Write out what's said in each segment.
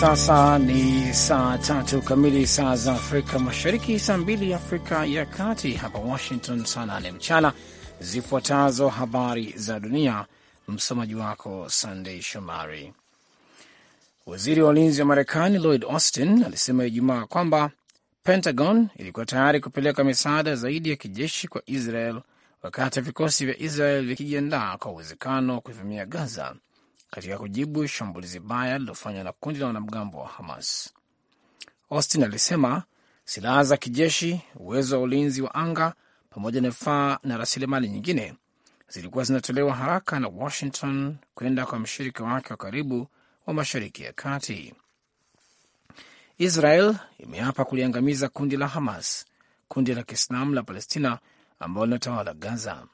Sasa ni saa tatu kamili saa za Afrika Mashariki, saa mbili Afrika ya Kati, hapa Washington saa nane mchana. Zifuatazo habari za dunia, msomaji wako Sandei Shomari. Waziri wa ulinzi wa Marekani Lloyd Austin alisema Ijumaa kwamba Pentagon ilikuwa tayari kupeleka misaada zaidi ya kijeshi kwa Israel wakati vikosi vya Israel vikijiandaa kwa uwezekano wa kuivamia Gaza katika kujibu shambulizi baya lililofanywa na kundi la wanamgambo wa Hamas. Austin alisema silaha za kijeshi, uwezo wa ulinzi wa anga, pamoja na vifaa na rasilimali nyingine zilikuwa zinatolewa haraka na Washington kwenda kwa mshirika wake wa karibu wa Mashariki ya Kati. Israel imeapa kuliangamiza kundi la Hamas, kundi la Kiislamu la Palestina ambalo linatawala Gaza.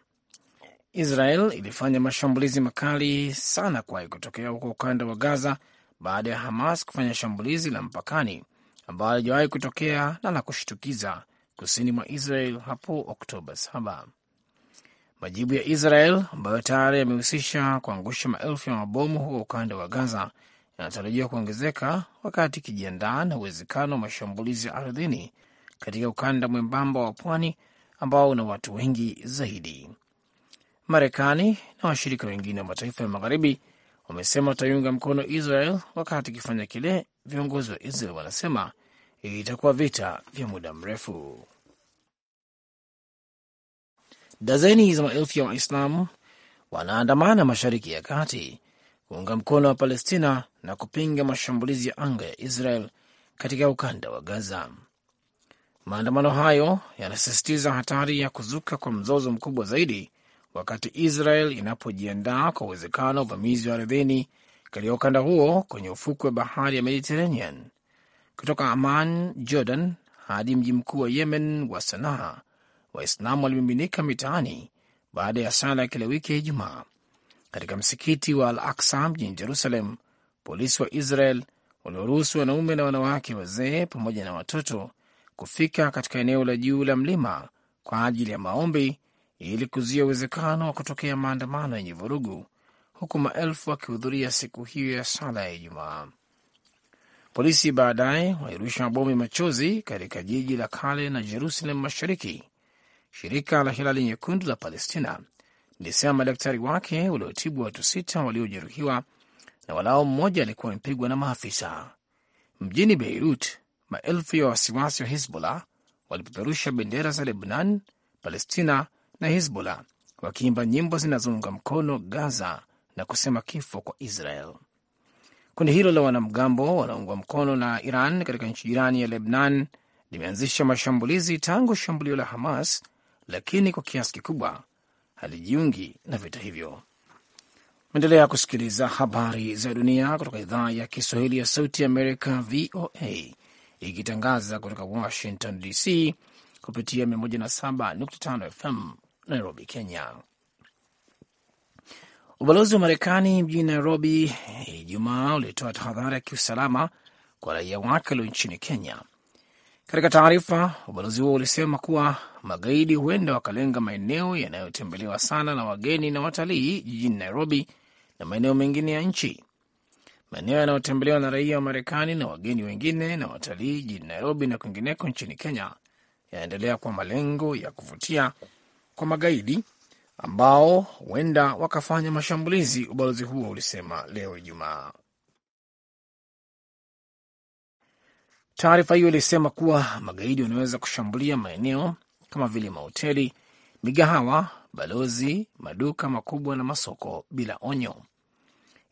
Israel ilifanya mashambulizi makali sana kuwahi kutokea huko ukanda wa Gaza baada ya Hamas kufanya shambulizi la mpakani ambayo alijawahi kutokea na la kushtukiza kusini mwa Israel hapo Oktoba 7. Majibu ya Israel ambayo tayari yamehusisha kuangusha maelfu ya mabomu huko ukanda wa Gaza yanatarajiwa kuongezeka wakati ikijiandaa na uwezekano wa mashambulizi ya ardhini katika ukanda mwembamba wa pwani ambao una watu wengi zaidi. Marekani na washirika wengine wa mataifa ya magharibi wamesema wataiunga mkono Israel wakati ikifanya kile viongozi wa Israel wanasema itakuwa vita vya muda mrefu. Dazeni za maelfu ya Waislamu wanaandamana mashariki ya kati kuunga mkono wa Palestina na kupinga mashambulizi ya anga ya Israel katika ukanda wa Gaza. Maandamano hayo yanasisitiza hatari ya kuzuka kwa mzozo mkubwa zaidi wakati Israel inapojiandaa kwa uwezekano wa uvamizi wa ardhini katika ukanda huo kwenye ufukwe wa bahari ya Mediterranean. Kutoka aman Jordan, hadi mji mkuu wa Yemen wa Sanaa, Waislamu walimiminika mitaani baada ya sala ya kila wiki ya Ijumaa katika msikiti wa Al Aksa mjini Jerusalem. Polisi wa Israel walioruhusu wanaume na wanawake wazee pamoja na watoto kufika katika eneo la juu la mlima kwa ajili ya maombi ili kuzuia uwezekano wa kutokea maandamano yenye vurugu, huku maelfu wakihudhuria siku hiyo ya sala ya Ijumaa. Polisi baadaye walirusha mabomu ya machozi katika jiji la kale na Jerusalem Mashariki. Shirika la Hilali Nyekundu la Palestina lilisema madaktari wake waliotibu watu sita waliojeruhiwa na walao mmoja alikuwa amepigwa na maafisa. Mjini Beirut, maelfu ya wasiwasi wa Hizbullah walipeperusha bendera za Lebnan, Palestina na Hezbollah wakiimba nyimbo zinazounga mkono Gaza na kusema kifo kwa Israel. Kundi hilo la wanamgambo wanaungwa mkono na Iran katika nchi jirani ya Lebnan limeanzisha mashambulizi tangu shambulio la Hamas, lakini kwa kiasi kikubwa halijiungi na vita hivyo. Endelea kusikiliza habari za dunia kutoka idhaa ya Kiswahili ya Sauti Amerika, VOA, ikitangaza kutoka Washington DC kupitia 107.5 FM Nairobi, Kenya. Ubalozi wa Marekani mjini Nairobi eh, Ijumaa ulitoa tahadhari ya kiusalama kwa raia wake walio nchini Kenya. Katika taarifa, ubalozi huo ulisema kuwa magaidi huenda wakalenga maeneo yanayotembelewa sana na wageni na watalii jijini Nairobi na maeneo mengine ya nchi. Maeneo yanayotembelewa na raia wa Marekani na wageni wengine na watalii jijini Nairobi na kwingineko nchini Kenya yanaendelea kwa malengo ya kuvutia kwa magaidi ambao huenda wakafanya mashambulizi, ubalozi huo ulisema leo Ijumaa. Taarifa hiyo ilisema kuwa magaidi wanaweza kushambulia maeneo kama vile mahoteli, migahawa, balozi, maduka makubwa na masoko bila onyo.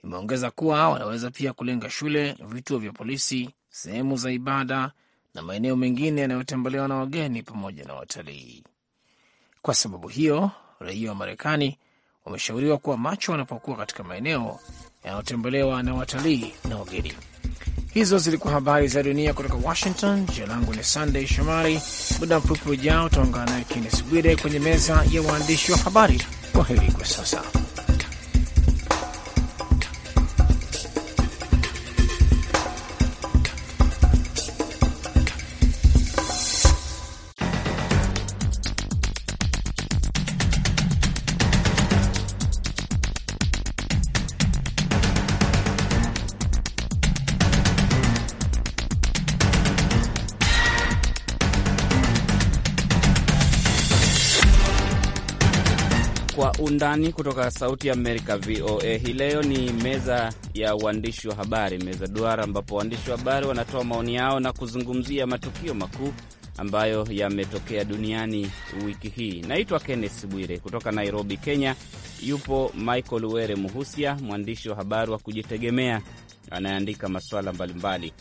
Imeongeza kuwa wanaweza pia kulenga shule, vituo vya polisi, sehemu za ibada na maeneo mengine yanayotembelewa na wageni pamoja na watalii. Kwa sababu hiyo, raia wa Marekani wameshauriwa kuwa macho wanapokuwa katika maeneo yanayotembelewa na watalii na wageni. Hizo zilikuwa habari za dunia kutoka Washington. Jina langu ni Sandey Shomari. Muda mfupi ujao utaungana naye Kennes Bwire kwenye meza ya waandishi wa habari. Kwa heri kwa sasa. Undani kutoka Sauti ya Amerika, VOA. Hii leo ni meza ya uandishi wa habari, meza duara, ambapo waandishi wa habari wanatoa maoni yao na kuzungumzia matukio makuu ambayo yametokea duniani wiki hii. Naitwa kennes Bwire kutoka Nairobi, Kenya. Yupo Michael Were Muhusia, mwandishi wa habari wa kujitegemea anayeandika masuala mbalimbali.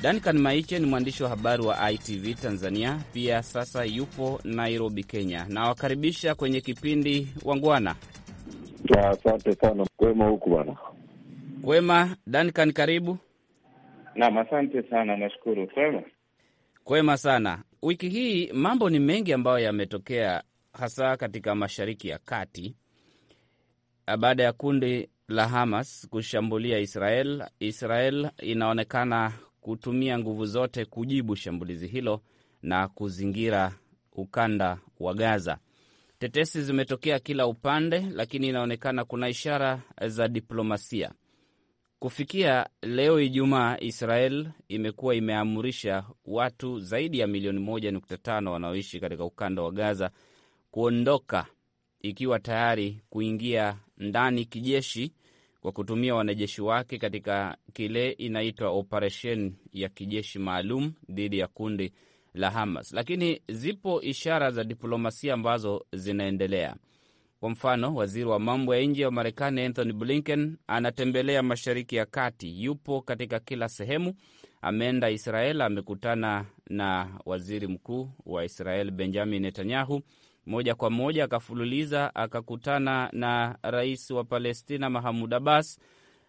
Duncan Maiche ni mwandishi wa habari wa ITV Tanzania, pia sasa yupo Nairobi, Kenya. Nawakaribisha kwenye kipindi Wangwana. Asante sana. Kwema huku bana? Kwema. Duncan, karibu. nam asante sana, nashukuru. Kwema, kwema sana. Wiki hii mambo ni mengi ambayo yametokea, hasa katika Mashariki ya Kati baada ya kundi la Hamas kushambulia Israel. Israel inaonekana kutumia nguvu zote kujibu shambulizi hilo na kuzingira ukanda wa Gaza. Tetesi zimetokea kila upande, lakini inaonekana kuna ishara za diplomasia. Kufikia leo Ijumaa, Israel imekuwa imeamrisha watu zaidi ya milioni 1.5 wanaoishi katika ukanda wa Gaza kuondoka, ikiwa tayari kuingia ndani kijeshi kwa kutumia wanajeshi wake katika kile inaitwa operesheni ya kijeshi maalum dhidi ya kundi la Hamas. Lakini zipo ishara za diplomasia ambazo zinaendelea. Kwa mfano, waziri wa mambo ya nje wa Marekani Anthony Blinken anatembelea Mashariki ya Kati, yupo katika kila sehemu. Ameenda Israel, amekutana na waziri mkuu wa Israel Benjamin Netanyahu moja kwa moja akafululiza akakutana na rais wa Palestina mahamud Abbas.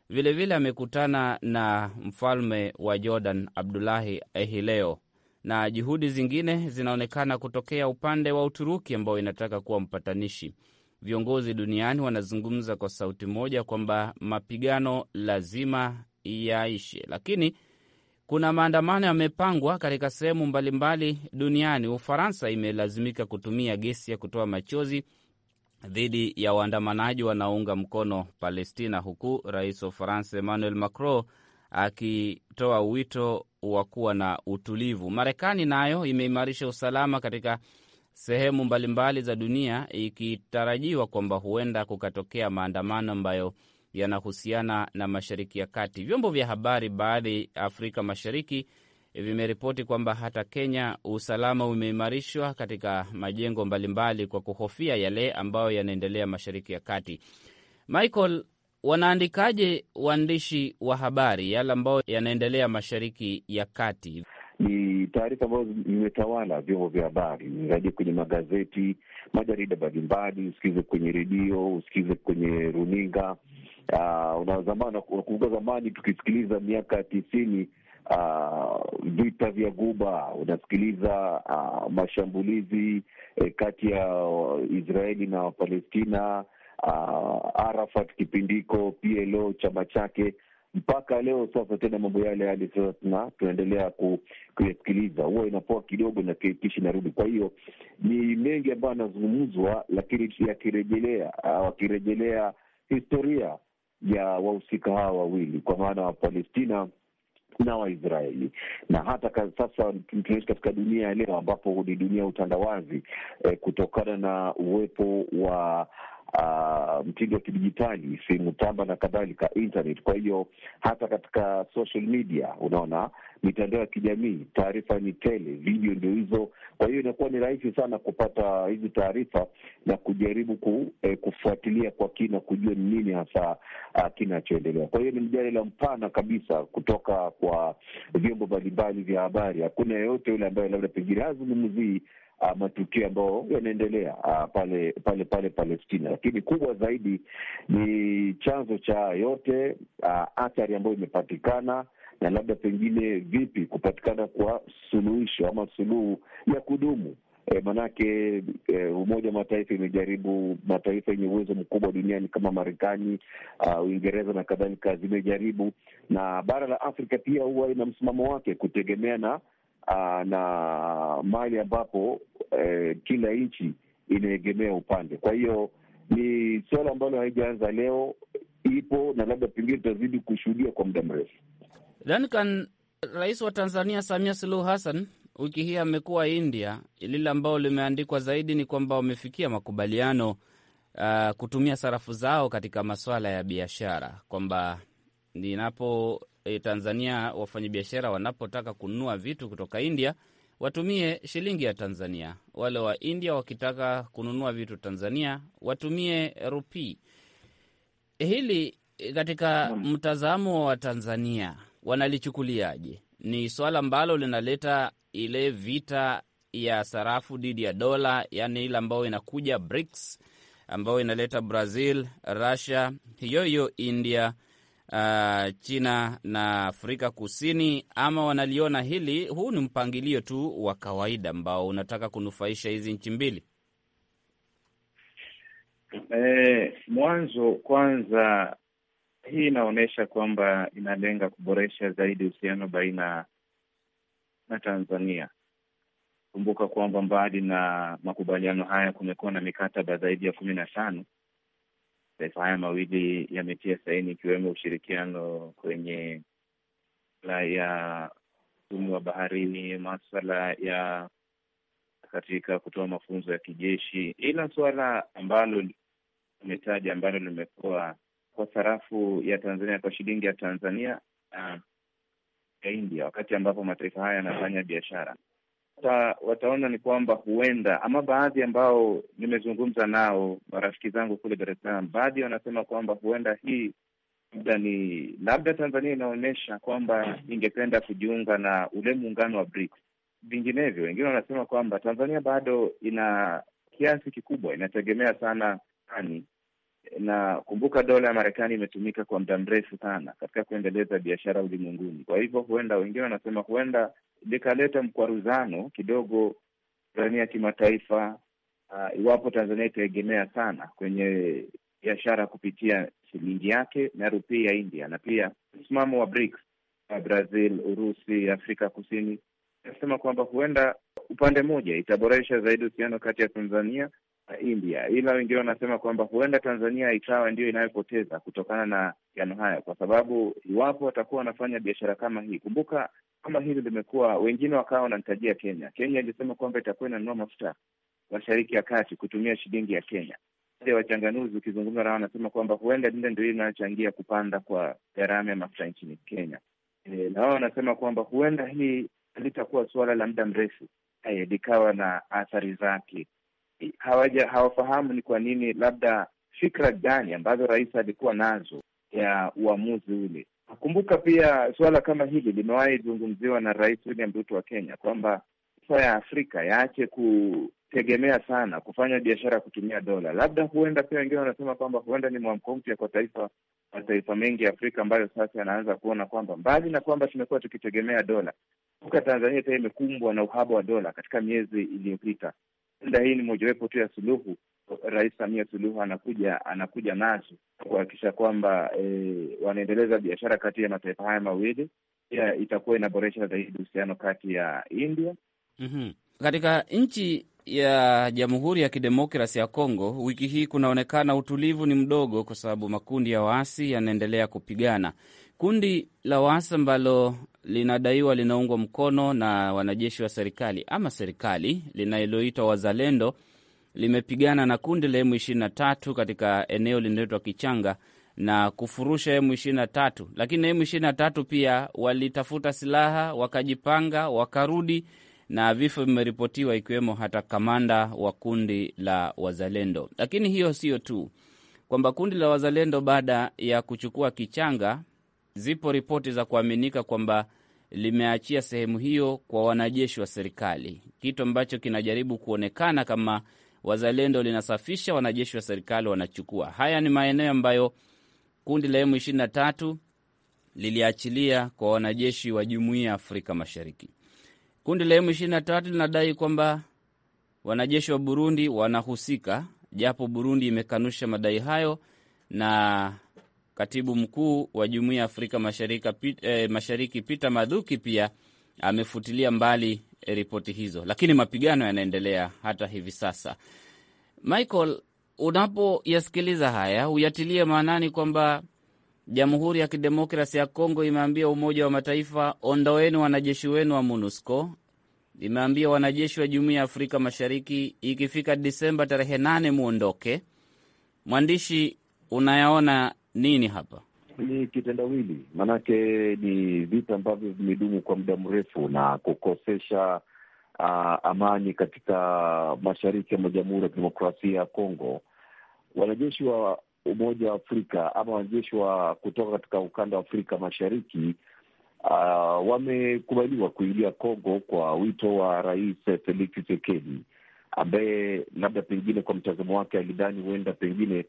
Vilevile amekutana na mfalme wa Jordan Abdulahi Ehileo, na juhudi zingine zinaonekana kutokea upande wa Uturuki ambao inataka kuwa mpatanishi. Viongozi duniani wanazungumza kwa sauti moja kwamba mapigano lazima yaishe, lakini kuna maandamano yamepangwa katika sehemu mbalimbali duniani. Ufaransa imelazimika kutumia gesi ya kutoa machozi dhidi ya waandamanaji wanaounga mkono Palestina, huku rais wa Ufaransa Emmanuel Macron akitoa wito wa kuwa na utulivu. Marekani nayo imeimarisha usalama katika sehemu mbalimbali za dunia, ikitarajiwa kwamba huenda kukatokea maandamano ambayo yanahusiana na Mashariki ya Kati. Vyombo vya habari baadhi Afrika Mashariki vimeripoti kwamba hata Kenya usalama umeimarishwa katika majengo mbalimbali kwa kuhofia yale ambayo yanaendelea Mashariki ya Kati. Michael, wanaandikaje waandishi wa habari yale ambayo yanaendelea Mashariki ya Kati? Ni taarifa ambazo zimetawala vyombo vya habari, zaidi kwenye magazeti, majarida mbalimbali, usikize kwenye redio, usikize kwenye runinga Ah, zamani unakumbuka zamani tukisikiliza miaka tisini Uh, vita vya Guba, unasikiliza uh, mashambulizi eh, kati ya Israeli na Palestina, uh, Arafat kipindiko, PLO chama chake, mpaka leo sasa tena mambo yale yale sasa tunaendelea kuyasikiliza, huwa inapoa kidogo na kisha inarudi. Kwa hiyo ni mengi ambayo yanazungumzwa, lakini yakirejelea, wakirejelea historia ya wahusika hawa wawili, kwa maana wa palestina na Waisraeli. Na hata sasa tunaishi katika dunia ya leo ambapo ni dunia ya utandawazi eh, kutokana na uwepo wa Uh, mtindo wa kidijitali, simu tamba na kadhalika, internet. Kwa hiyo hata katika social media, unaona mitandao ya kijamii, taarifa ni tele, video ndio hizo. Kwa hiyo inakuwa ni rahisi sana kupata hizi taarifa na kujaribu ku, eh, kufuatilia kwa kina, kujua ni nini hasa uh, kinachoendelea. Kwa hiyo ni mjadala mpana kabisa kutoka kwa vyombo mbalimbali vya habari. Hakuna yeyote yule ambaye labda pengine azungumzii uh, matukio ambayo yanaendelea uh, pale pale pale Palestina, lakini kubwa zaidi ni chanzo cha yote uh, athari ambayo imepatikana na labda pengine vipi kupatikana kwa suluhisho ama suluhu ya kudumu. E, manake e, Umoja wa Mataifa imejaribu, mataifa yenye uwezo mkubwa duniani kama Marekani, uh, Uingereza na kadhalika zimejaribu, na bara la Afrika pia huwa ina msimamo wake kutegemea na Ah, na mali ambapo eh, kila nchi inaegemea upande. Kwa hiyo ni suala ambalo haijaanza leo, ipo na labda pengine tutazidi kushuhudia kwa muda mrefu. Duncan, Rais wa Tanzania Samia Suluhu Hassan wiki hii amekuwa India. Lile ambalo limeandikwa zaidi ni kwamba wamefikia makubaliano uh, kutumia sarafu zao katika masuala ya biashara, kwamba ninapo e, Tanzania wafanyabiashara wanapotaka kununua vitu kutoka India watumie shilingi ya Tanzania. Wale wa India wakitaka kununua vitu Tanzania watumie rupii. Hili e, katika hmm. mtazamo wa Tanzania wanalichukuliaje? Ni swala ambalo linaleta ile vita ya sarafu dhidi ya dola, yaani ile ambayo inakuja BRICS, ambayo inaleta Brazil, Russia, hiyo hiyo India uh, China na Afrika Kusini, ama wanaliona hili, huu ni mpangilio tu wa kawaida ambao unataka kunufaisha hizi nchi mbili? E, mwanzo kwanza hii inaonyesha kwamba inalenga kuboresha zaidi uhusiano baina na Tanzania. Kumbuka kwamba mbali na makubaliano haya kumekuwa na mikataba zaidi ya kumi na tano mataifa haya mawili yametia saini ikiwemo ushirikiano kwenye masuala ya umu wa baharini, maswala ya katika kutoa mafunzo ya kijeshi, ila suala ambalo umetaja ambalo limekuwa kwa sarafu ya Tanzania kwa shilingi ya Tanzania na ah, ya India, wakati ambapo mataifa haya yanafanya biashara ta, wataona ni kwamba huenda ama baadhi ambao nimezungumza nao marafiki zangu kule Dar es Salaam, baadhi wanasema kwamba huenda hii labda ni labda Tanzania inaonyesha kwamba ingependa kujiunga na ule muungano wa BRICS. Vinginevyo wengine wanasema kwamba Tanzania bado ina kiasi kikubwa inategemea sana ani na kumbuka, dola ya Marekani imetumika kwa muda mrefu sana katika kuendeleza biashara ulimwenguni. Kwa hivyo, huenda wengine wanasema huenda likaleta mkwaruzano kidogo Tanzania ya kimataifa, uh, iwapo Tanzania itaegemea sana kwenye biashara kupitia shilingi yake na rupii ya India, na pia msimamo wa BRICS, uh, Brazil, Urusi, Afrika Kusini, nasema kwamba huenda upande mmoja itaboresha zaidi uhusiano kati ya Tanzania Uh, India, ila wengine wanasema kwamba huenda Tanzania ikawa ndio inayopoteza kutokana na yano haya, kwa sababu iwapo watakuwa wanafanya biashara kama hii. Kumbuka kama hili limekuwa, wengine wakawa wanamtajia Kenya. Kenya ilisema kwamba itakuwa inanunua mafuta mashariki ya kati kutumia shilingi ya Kenya. Wale wachanganuzi ukizungumza nao wanasema kwamba huenda lile ndio inayochangia kupanda kwa gharama ya mafuta nchini Kenya. E, na wao wanasema kwamba huenda hii halitakuwa suala la muda mrefu, eh, likawa na athari zake hawaja hawafahamu ni kwa nini, labda fikra gani ambazo rais alikuwa nazo ya uamuzi ule. Nakumbuka pia suala kama hili limewahi zungumziwa na Rais William Ruto wa Kenya kwamba mataifa ya Afrika yaache kutegemea sana kufanya biashara kutumia dola. Labda huenda pia wengine wanasema kwamba huenda ni mwamko mpya kwa taifa mataifa mengi ya Afrika ambayo sasa yanaanza kuona kwamba mbali na kwamba tumekuwa tukitegemea dola, uka Tanzania pia imekumbwa na uhaba wa dola katika miezi iliyopita labda hii ni mojawapo tu ya suluhu Rais Samia Suluhu anakuja anakuja nazo kuhakikisha kwamba e, wanaendeleza biashara kati ya mataifa haya mawili pia itakuwa inaboresha zaidi uhusiano kati ya India. mm -hmm. Katika nchi ya Jamhuri ya Kidemokrasi ya Kongo wiki hii kunaonekana utulivu ni mdogo, kwa sababu makundi ya waasi yanaendelea kupigana kundi la waasi ambalo linadaiwa linaungwa mkono na wanajeshi wa serikali ama serikali linaloitwa Wazalendo limepigana na kundi la M23 katika eneo linaloitwa Kichanga na kufurusha M23, lakini M23 pia walitafuta silaha wakajipanga, wakarudi na vifo vimeripotiwa, ikiwemo hata kamanda wa kundi la Wazalendo. Lakini hiyo sio tu kwamba kundi la Wazalendo baada ya kuchukua Kichanga Zipo ripoti za kuaminika kwamba limeachia sehemu hiyo kwa wanajeshi wa serikali, kitu ambacho kinajaribu kuonekana kama wazalendo linasafisha, wanajeshi wa serikali wanachukua. Haya ni maeneo ambayo kundi la M23 liliachilia kwa wanajeshi wa jumuiya ya Afrika Mashariki. Kundi la M23 linadai kwamba wanajeshi wa Burundi wanahusika, japo Burundi imekanusha madai hayo na Katibu mkuu wa Jumuiya ya Afrika Mashariki, eh, Mashariki Peter Madhuki pia amefutilia mbali eh, ripoti hizo, lakini mapigano yanaendelea hata hivi sasa. Michael, unapoyasikiliza haya uyatilie maanani kwamba Jamhuri ya Kidemokrasi ya Kongo imeambia Umoja wa Mataifa, ondoeni wanajeshi wenu wa MONUSCO. Imeambia wanajeshi wa Jumuiya ya Afrika Mashariki, ikifika Disemba tarehe nane muondoke. Mwandishi, unayaona nini hapa? Ni kitendawili, maanake ni vita ambavyo vimedumu kwa muda mrefu na kukosesha uh, amani katika mashariki ya Jamhuri ya Kidemokrasia ya Kongo. Wanajeshi wa Umoja wa Afrika ama wanajeshi wa kutoka katika ukanda wa Afrika Mashariki uh, wamekubaliwa kuingia Kongo kwa wito wa Rais Felix Tshisekedi ambaye labda pengine kwa mtazamo wake alidhani huenda pengine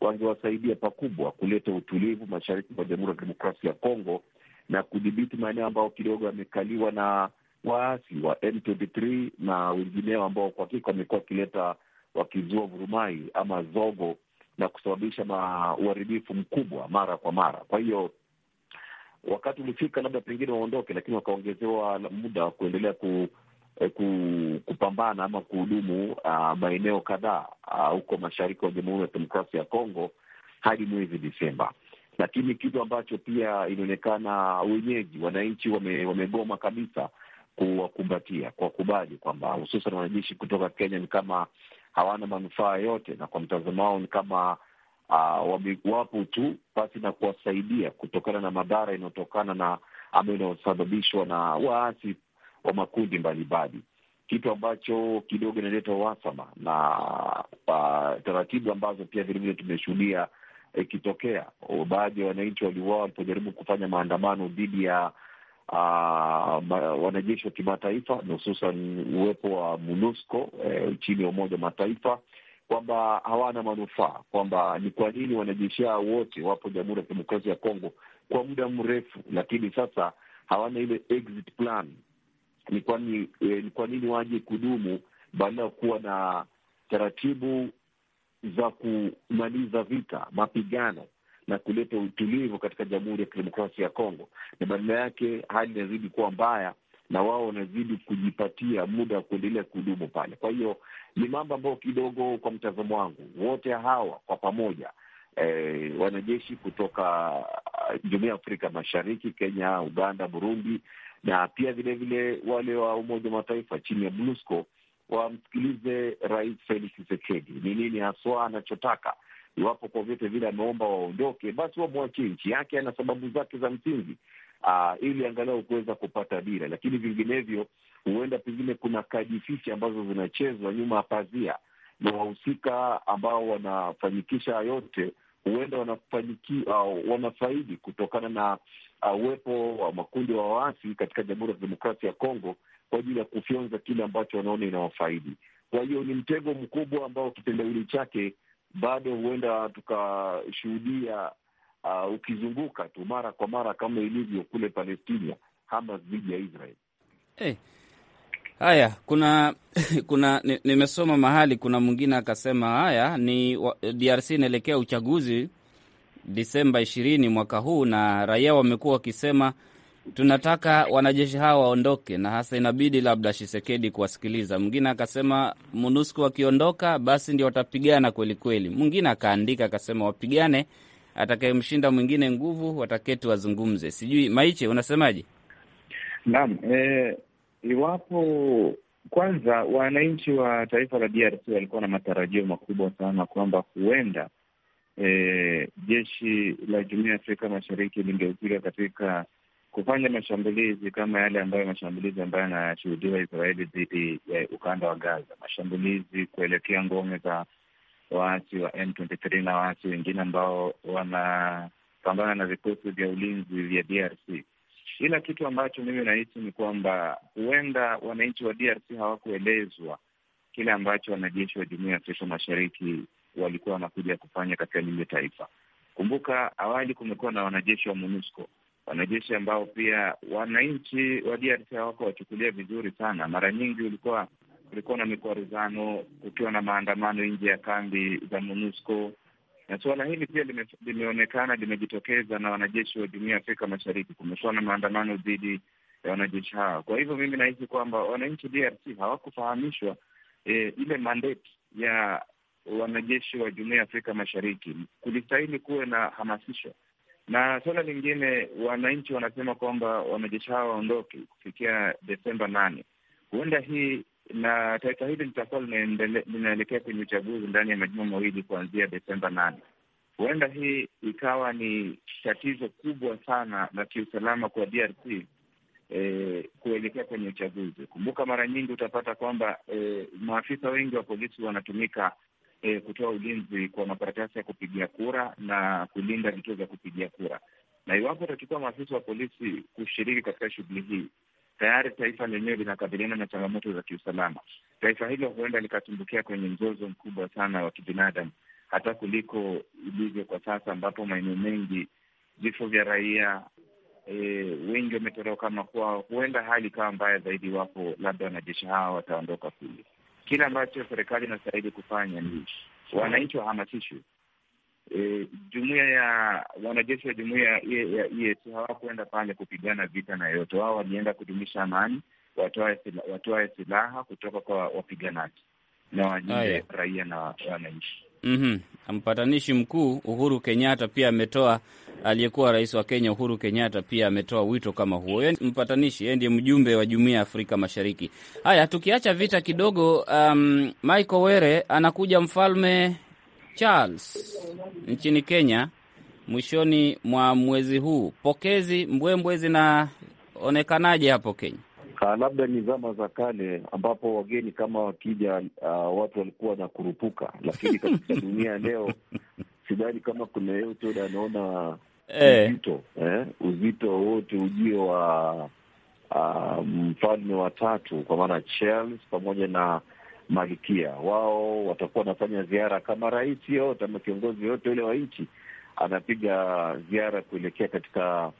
wangewasaidia pakubwa kuleta utulivu mashariki mwa Jamhuri ya Kidemokrasia ya Kongo na kudhibiti maeneo ambayo kidogo yamekaliwa na waasi wa M23 na wengineo ambao kwa hakika wamekuwa wakileta wakizua vurumai ama zogo na kusababisha uharibifu mkubwa mara kwa mara. Kwa hiyo wakati ulifika, labda pengine waondoke, lakini wakaongezewa muda wa kuendelea ku Eh, kupambana ama kuhudumu ah, maeneo kadhaa ah, huko mashariki wa Jamhuri ya Demokrasia ya Kongo hadi mwezi Disemba. Lakini kitu ambacho pia inaonekana wenyeji wananchi wame, wamegoma kabisa kuwakumbatia kwa kubali kwamba hususan wanajeshi kutoka Kenya ni kama hawana manufaa yote, na kwa mtazamo wao ni kama uh, ah, wapo tu basi na kuwasaidia kutokana na madhara inayotokana na ama inayosababishwa na waasi wa makundi mbalimbali, kitu ambacho kidogo inaleta uhasama na uh, taratibu ambazo pia vilevile tumeshuhudia eh, ikitokea. eh, baadhi ya wananchi waliuawa walipojaribu kufanya maandamano dhidi ya uh, wanajeshi wa kimataifa na hususan uwepo wa MONUSCO eh, chini ya Umoja wa Mataifa kwamba hawana manufaa, kwamba ni kwa nini wanajeshi hao wote wapo Jamhuri ya Kidemokrasia ya Kongo kwa muda mrefu, lakini sasa hawana ile exit plan Eh, ni kwa nini waje kudumu badala ya kuwa na taratibu za kumaliza vita, mapigano na kuleta utulivu katika Jamhuri ya Kidemokrasia ya Kongo, na badala yake hali inazidi kuwa mbaya na wao wanazidi kujipatia muda wa kuendelea kudumu pale. Kwa hiyo ni mambo ambayo kidogo, kwa mtazamo wangu, wote hawa kwa pamoja eh, wanajeshi kutoka eh, Jumuiya ya Afrika Mashariki, Kenya, Uganda, Burundi na pia vilevile wale wa Umoja wa Mataifa chini ya MONUSCO wamsikilize Rais Felix Tshisekedi ni nini haswa anachotaka. Iwapo kwa vyote vile ameomba waondoke, basi wamwachie nchi yake, ana sababu zake za msingi uh, ili angalau kuweza kupata dira, lakini vinginevyo huenda pengine kuna kadi fiche ambazo zinachezwa nyuma ya pazia na wahusika ambao wanafanyikisha yote huenda uh, wanafaidi kutokana na Uh, uwepo wa makundi wa waasi katika Jamhuri ya Kidemokrasia ya Kongo kwa ajili ya kufyonza kile ambacho wanaona inawafaidi. Kwa hiyo ni mtego mkubwa ambao kitendawili chake bado huenda tukashuhudia, uh, ukizunguka tu mara kwa mara kama ilivyo kule Palestina, Hamas dhidi ya Israel. Hey, eh, haya kuna kuna nimesoma mahali kuna mwingine akasema haya ni wa, eh, DRC inaelekea uchaguzi Disemba ishirini mwaka huu, na raia wamekuwa wakisema tunataka wanajeshi hawa waondoke, na hasa inabidi labda Shisekedi kuwasikiliza. Mwingine akasema MONUSCO wakiondoka basi ndio watapigana kwelikweli. Mwingine akaandika akasema wapigane, atakayemshinda mwingine nguvu, wataketi wazungumze. Sijui Maiche, unasemaje? Naam, eh, iwapo kwanza wananchi wa taifa la DRC walikuwa na matarajio makubwa sana kwamba huenda e, jeshi la jumuiya ya Afrika Mashariki lingehusika katika kufanya mashambulizi kama yale ambayo mashambulizi ambayo yanashuhudiwa Israeli dhidi ya ukanda wa Gaza, mashambulizi kuelekea ngome za waasi wa M23 na waasi wengine ambao wanapambana na vikosi vya ulinzi vya DRC. Ila kitu ambacho mimi nahisi ni kwamba huenda wananchi wa DRC hawakuelezwa kile ambacho wanajeshi wa jumuiya ya Afrika Mashariki walikuwa wanakuja kufanya katika lile taifa. Kumbuka awali kumekuwa na wanajeshi wa MONUSCO, wanajeshi ambao pia wananchi wa DRC hawako wachukulia vizuri sana. Mara nyingi ulikuwa kulikuwa na mikwaruzano, kukiwa na maandamano nje ya kambi za MONUSCO na suala hili pia lime, limeonekana limejitokeza na wanajeshi wa jumuiya ya Afrika Mashariki. Kumekuwa na maandamano dhidi ya wanajeshi hawa. Kwa hivyo mimi nahisi kwamba wananchi DRC hawakufahamishwa e, ile mandate ya wanajeshi wa jumuiya ya Afrika Mashariki. Kulistahili kuwe na hamasisho. Na suala lingine, wananchi wanasema kwamba wanajeshi hawa waondoke kufikia Desemba nane. Huenda hii na taifa hili litakuwa linaelekea kwenye uchaguzi ndani ya majuma mawili kuanzia Desemba nane. Huenda hii ikawa ni tatizo kubwa sana la kiusalama kwa DRC e, kuelekea kwenye uchaguzi. Kumbuka mara nyingi utapata kwamba e, maafisa wengi wa polisi wanatumika e, kutoa ulinzi kwa makaratasi ya kupigia kura na kulinda vituo vya kupigia kura, na iwapo watachukua maafisa wa polisi kushiriki katika shughuli hii, tayari taifa lenyewe linakabiliana na changamoto za kiusalama. Taifa hilo huenda likatumbukia kwenye mzozo mkubwa sana wa kibinadamu, hata kuliko ilivyo kwa sasa, ambapo maeneo mengi vifo vya raia e, wengi kama kwao. Huenda hali ikawa mbaya zaidi iwapo labda wanajeshi hawa wataondoka kule. Kile ambacho serikali inastahili kufanya ni wananchi wahamasishwe. E, jumuia ya wanajeshi wa jumuia ya EAC e hawakuenda pale kupigana vita na yoyote. Wao walienda kudumisha amani, watoae sila, silaha kutoka kwa wapiganaji na wajie raia na wananchi. mm -hmm. Mpatanishi mkuu Uhuru Kenyatta pia ametoa aliyekuwa rais wa Kenya Uhuru Kenyatta pia ametoa wito kama huo. Yeye mpatanishi, yeye ndiye mjumbe wa jumuiya ya Afrika Mashariki. Haya, tukiacha vita kidogo, um, Michael Were anakuja mfalme Charles nchini Kenya mwishoni mwa mwezi huu. Pokezi mbwembwe zinaonekanaje hapo Kenya? Ha, ah, labda ni zama za kale ambapo wageni kama wakija, uh, watu walikuwa na kurupuka lakini katika dunia leo sidhani kama kuna yeyote anaona eh, uzito eh, uzito wote ujio wa ah, mfalme wa tatu kwa maana Charles pamoja na malkia wao watakuwa wanafanya ziara kama rais yoyote ama kiongozi yoyote ule wa nchi anapiga ziara kuelekea katika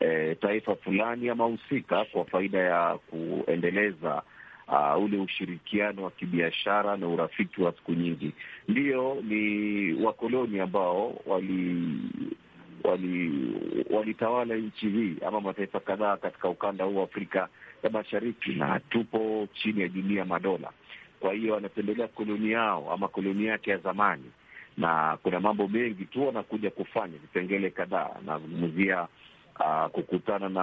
e, taifa fulani ama husika kwa faida ya kuendeleza uh, ule ushirikiano wa kibiashara na urafiki wa siku nyingi. Ndiyo, ni wakoloni ambao wali walitawala wali nchi hii ama mataifa kadhaa katika ukanda huu wa Afrika ya Mashariki, na tupo chini ya jumuiya ya madola. Kwa hiyo wanapendelea koloni yao ama koloni yake ya zamani, na kuna mambo mengi tu wanakuja kufanya, vipengele kadhaa nazungumzia Uh, kukutana na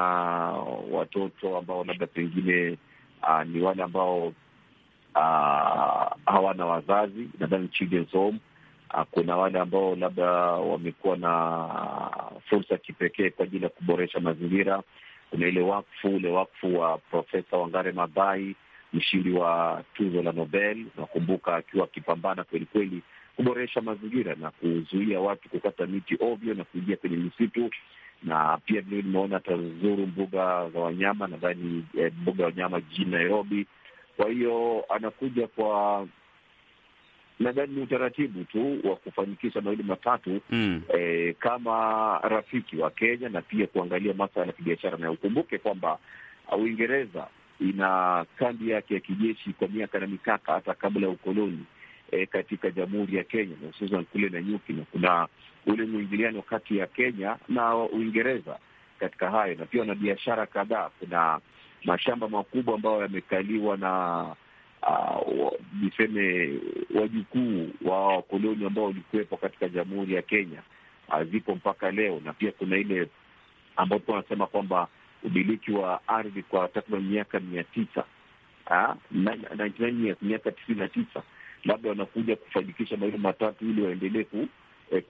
watoto ambao labda pengine uh, ni wale ambao uh, hawana wazazi, nadhani children's home Ah, kuna wale ambao labda wamekuwa na fursa kipekee kwa ajili ya kuboresha mazingira. Kuna ile wakfu, ule wakfu wa Profesa Wangare Maathai, mshindi wa tuzo la Nobel, nakumbuka akiwa akipambana kwelikweli kuboresha mazingira na kuzuia watu kukata miti ovyo na kuingia kwenye misitu. Na pia vile nimeona atazuru mbuga za wanyama, nadhani eh, mbuga ya wanyama jijini Nairobi. Kwa hiyo anakuja kwa nadhani ni utaratibu tu wa kufanikisha mawili matatu mm. E, kama rafiki wa Kenya na pia kuangalia maswala ya kibiashara, na ukumbuke kwamba Uingereza ina kambi yake ya kijeshi kwa miaka na mikaka hata kabla ya ukoloni e, katika Jamhuri ya Kenya na hususan kule Nanyuki, na kuna ule mwingiliano kati ya Kenya na Uingereza katika hayo, na pia wana biashara kadhaa. Kuna mashamba makubwa ambayo yamekaliwa na Uh, niseme uh, wajukuu wa wakoloni ambao walikuwepo katika jamhuri ya Kenya uh, zipo mpaka leo, na pia kuna ile ambao tu wanasema kwamba umiliki wa ardhi kwa takriban miaka mia tisa uh, miaka tisini na tisa labda wanakuja kufanikisha mailo matatu ili waendelee ku eh,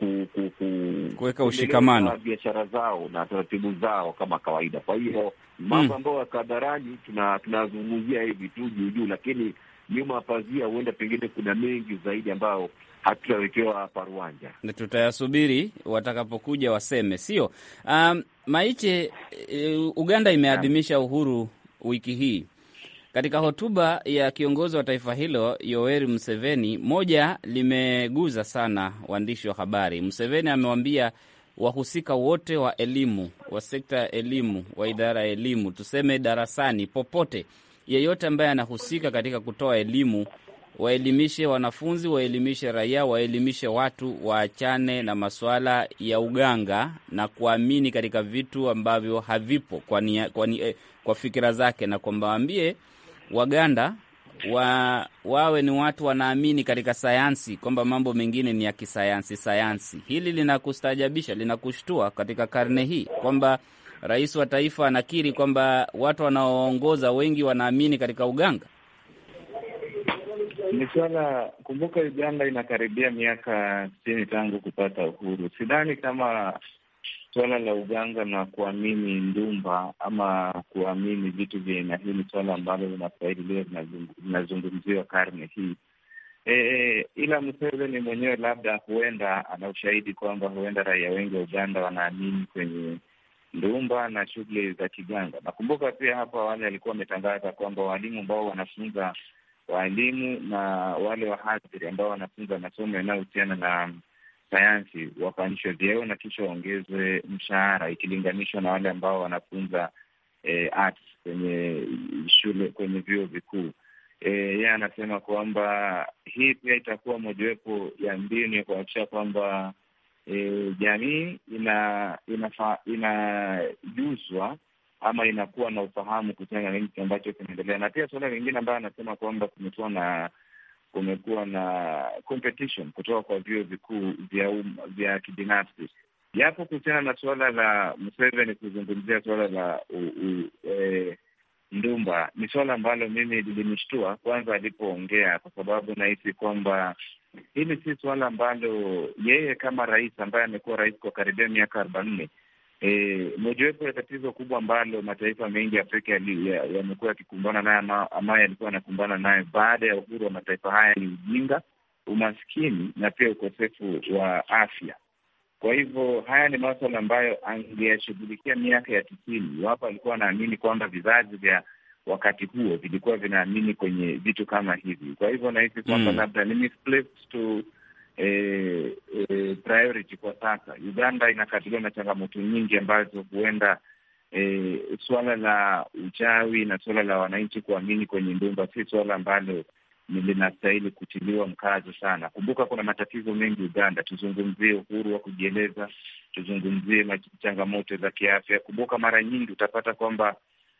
kuweka ushikamano biashara zao na taratibu zao kama kawaida. Kwa hiyo mm. mambo ambayo ya kadharani tunazungumzia hivi tu juu juu, lakini nyuma ya pazia, huenda pengine kuna mengi zaidi ambayo hatutawekewa hapa Rwanda, na tutayasubiri watakapokuja waseme, sio um, Maiche. Eh, Uganda imeadhimisha uhuru wiki hii. Katika hotuba ya kiongozi wa taifa hilo Yoweri Museveni, moja limeguza sana waandishi wa habari. Museveni amewambia wahusika wote wa elimu, wa sekta ya elimu, wa idara ya elimu, tuseme darasani, popote yeyote ambaye anahusika katika kutoa elimu waelimishe wanafunzi, waelimishe raia, waelimishe watu, waachane na masuala ya uganga na kuamini katika vitu ambavyo havipo kwa, ni, kwa, ni, kwa fikira zake, na kwamba waambie Waganda wa, wawe ni watu wanaamini katika sayansi, kwamba mambo mengine ni ya kisayansi sayansi. Hili linakustajabisha, linakushtua katika karne hii kwamba rais wa taifa anakiri kwamba watu wanaoongoza wengi wanaamini katika uganga? Ni swala, kumbuka, Uganda inakaribia miaka sitini tangu kupata uhuru. Sidhani kama swala la uganga na kuamini ndumba ama kuamini vitu vya aina hii ni swala ambalo linastahili lio linazungumziwa karne hii. E, ila Museveni mwenyewe labda huenda ana ushahidi kwamba huenda raia wengi wa Uganda wanaamini kwenye Ndumba na shughuli za kiganga. Nakumbuka pia hapo wale alikuwa wametangaza kwamba walimu ambao wanafunza waalimu na wale wahadhiri ambao wanafunza masomo yanayohusiana na sayansi wapandishwe vyeo na kisha waongezwe mshahara ikilinganishwa na wale ambao wanafunza eh, arts kwenye shule kwenye vyuo vikuu. Eh, yeye anasema kwamba hii pia itakuwa mojawapo ya mbinu ya kuhakikisha kwamba e, jamii ina inajuzwa ina ama inakuwa na ufahamu kuhusiana na nchi ambacho kinaendelea. Na pia suala lingine ambayo anasema kwamba kumekuwa na kumekuwa na competition kutoka kwa vyuo vikuu vya um, vya kibinafsi yapo kuhusiana na suala la Museveni kuzungumzia suala la u, u, e, Ndumba ni suala ambalo mimi lilinishtua kwanza alipoongea, kwa sababu nahisi kwamba Hili si suala ambalo yeye kama rais ambaye amekuwa rais kwa karibia miaka arobaini e, mojawapo ya tatizo kubwa ambalo mataifa mengi ya Afrika yamekuwa yakikumbana nayo ambayo yalikuwa yanakumbana nayo baada ya uhuru wa mataifa haya ni ujinga, umaskini na pia ukosefu wa afya. Kwa hivyo haya ni maswala ambayo angeyashughulikia miaka ya tisini iwapo alikuwa anaamini kwamba vizazi vya wakati huo vilikuwa vinaamini kwenye vitu kama hivi. Kwa hivyo nahisi kwamba mm, labda ni misplaced to E, e, priority kwa sasa. Uganda inakabiliwa na changamoto nyingi ambazo huenda e, eh, suala la uchawi na suala la wananchi kuamini kwenye ndumba si suala ambalo linastahili kutiliwa mkazo sana. Kumbuka kuna matatizo mengi Uganda. Tuzungumzie uhuru wa kujieleza, tuzungumzie changamoto za kiafya. Kumbuka mara nyingi utapata kwamba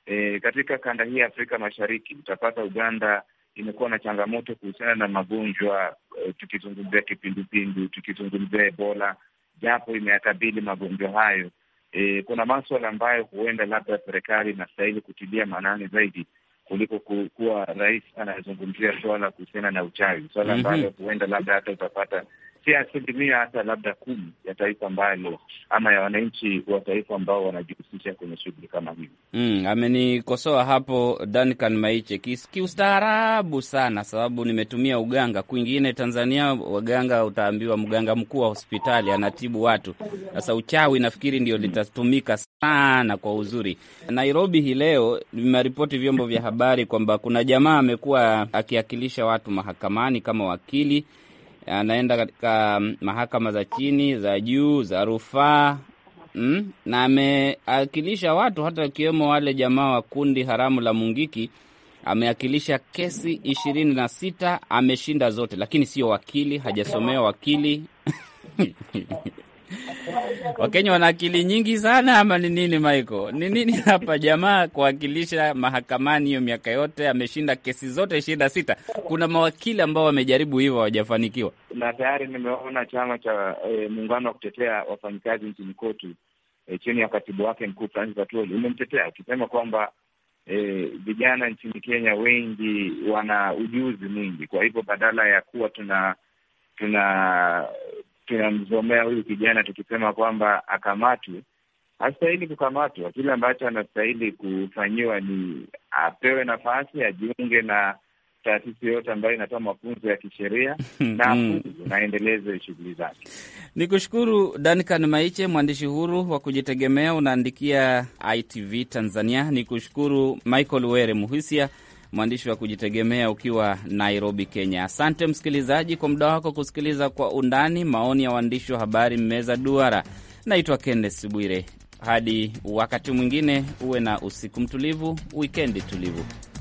E, katika kanda hii ya Afrika Mashariki utapata Uganda imekuwa na changamoto kuhusiana na magonjwa e, tukizungumzia kipindupindu, tukizungumzia Ebola, japo imeyakabili magonjwa hayo. E, kuna maswala ambayo huenda labda serikali inastahili kutilia maanani zaidi kuliko kuwa rais anazungumzia swala kuhusiana na uchawi, swala mhm. ambalo mm -hmm. huenda labda hata utapata si asilimia hata labda kumi ya taifa ambalo ama ya wananchi wa taifa ambao wanajihusisha kwenye shughuli kama hivi. Mm, amenikosoa hapo Duncan Maiche kiustaarabu sana, sababu nimetumia uganga kwingine. Tanzania waganga utaambiwa mganga mkuu wa hospitali anatibu watu. Sasa uchawi nafikiri ndio litatumika sana kwa uzuri. Nairobi hii leo vimeripoti vyombo vya habari kwamba kuna jamaa amekuwa akiakilisha watu mahakamani kama wakili anaenda katika mm, mahakama za chini, za juu, za rufaa mm? na ameakilisha watu hata wakiwemo wale jamaa wa kundi haramu la Mungiki. Ameakilisha kesi ishirini na sita ameshinda zote, lakini sio wakili, hajasomea wakili Wakenya wana akili nyingi sana ama ni nini, Michael? Ni nini hapa jamaa kuwakilisha mahakamani hiyo miaka yote, ameshinda kesi zote ishirini na sita. Kuna mawakili ambao wamejaribu hivyo hawajafanikiwa, na tayari nimeona chama cha e, muungano wa kutetea wafanyikazi nchini kotu e, eh, chini ya katibu wake mkuu Francis Atwoli umemtetea ukisema kwamba eh, vijana nchini Kenya wengi wana ujuzi mwingi, kwa hivyo badala ya kuwa tuna tuna tunamzomea huyu kijana tukisema kwamba akamatwe, hastahili kukamatwa. Kile ambacho anastahili kufanyiwa ni apewe nafasi, ajiunge na taasisi yote ambayo inatoa mafunzo ya kisheria na mm. afunze na shughuli zake. Ni kushukuru Duncan Maiche, mwandishi huru wa kujitegemea, unaandikia ITV Tanzania. Ni kushukuru Michael Were Muhisia mwandishi wa kujitegemea ukiwa Nairobi, Kenya. Asante msikilizaji kwa muda wako kusikiliza kwa undani. Maoni ya waandishi wa habari meza duara. Naitwa kennes Bwire. Hadi wakati mwingine, uwe na usiku mtulivu, wikendi tulivu.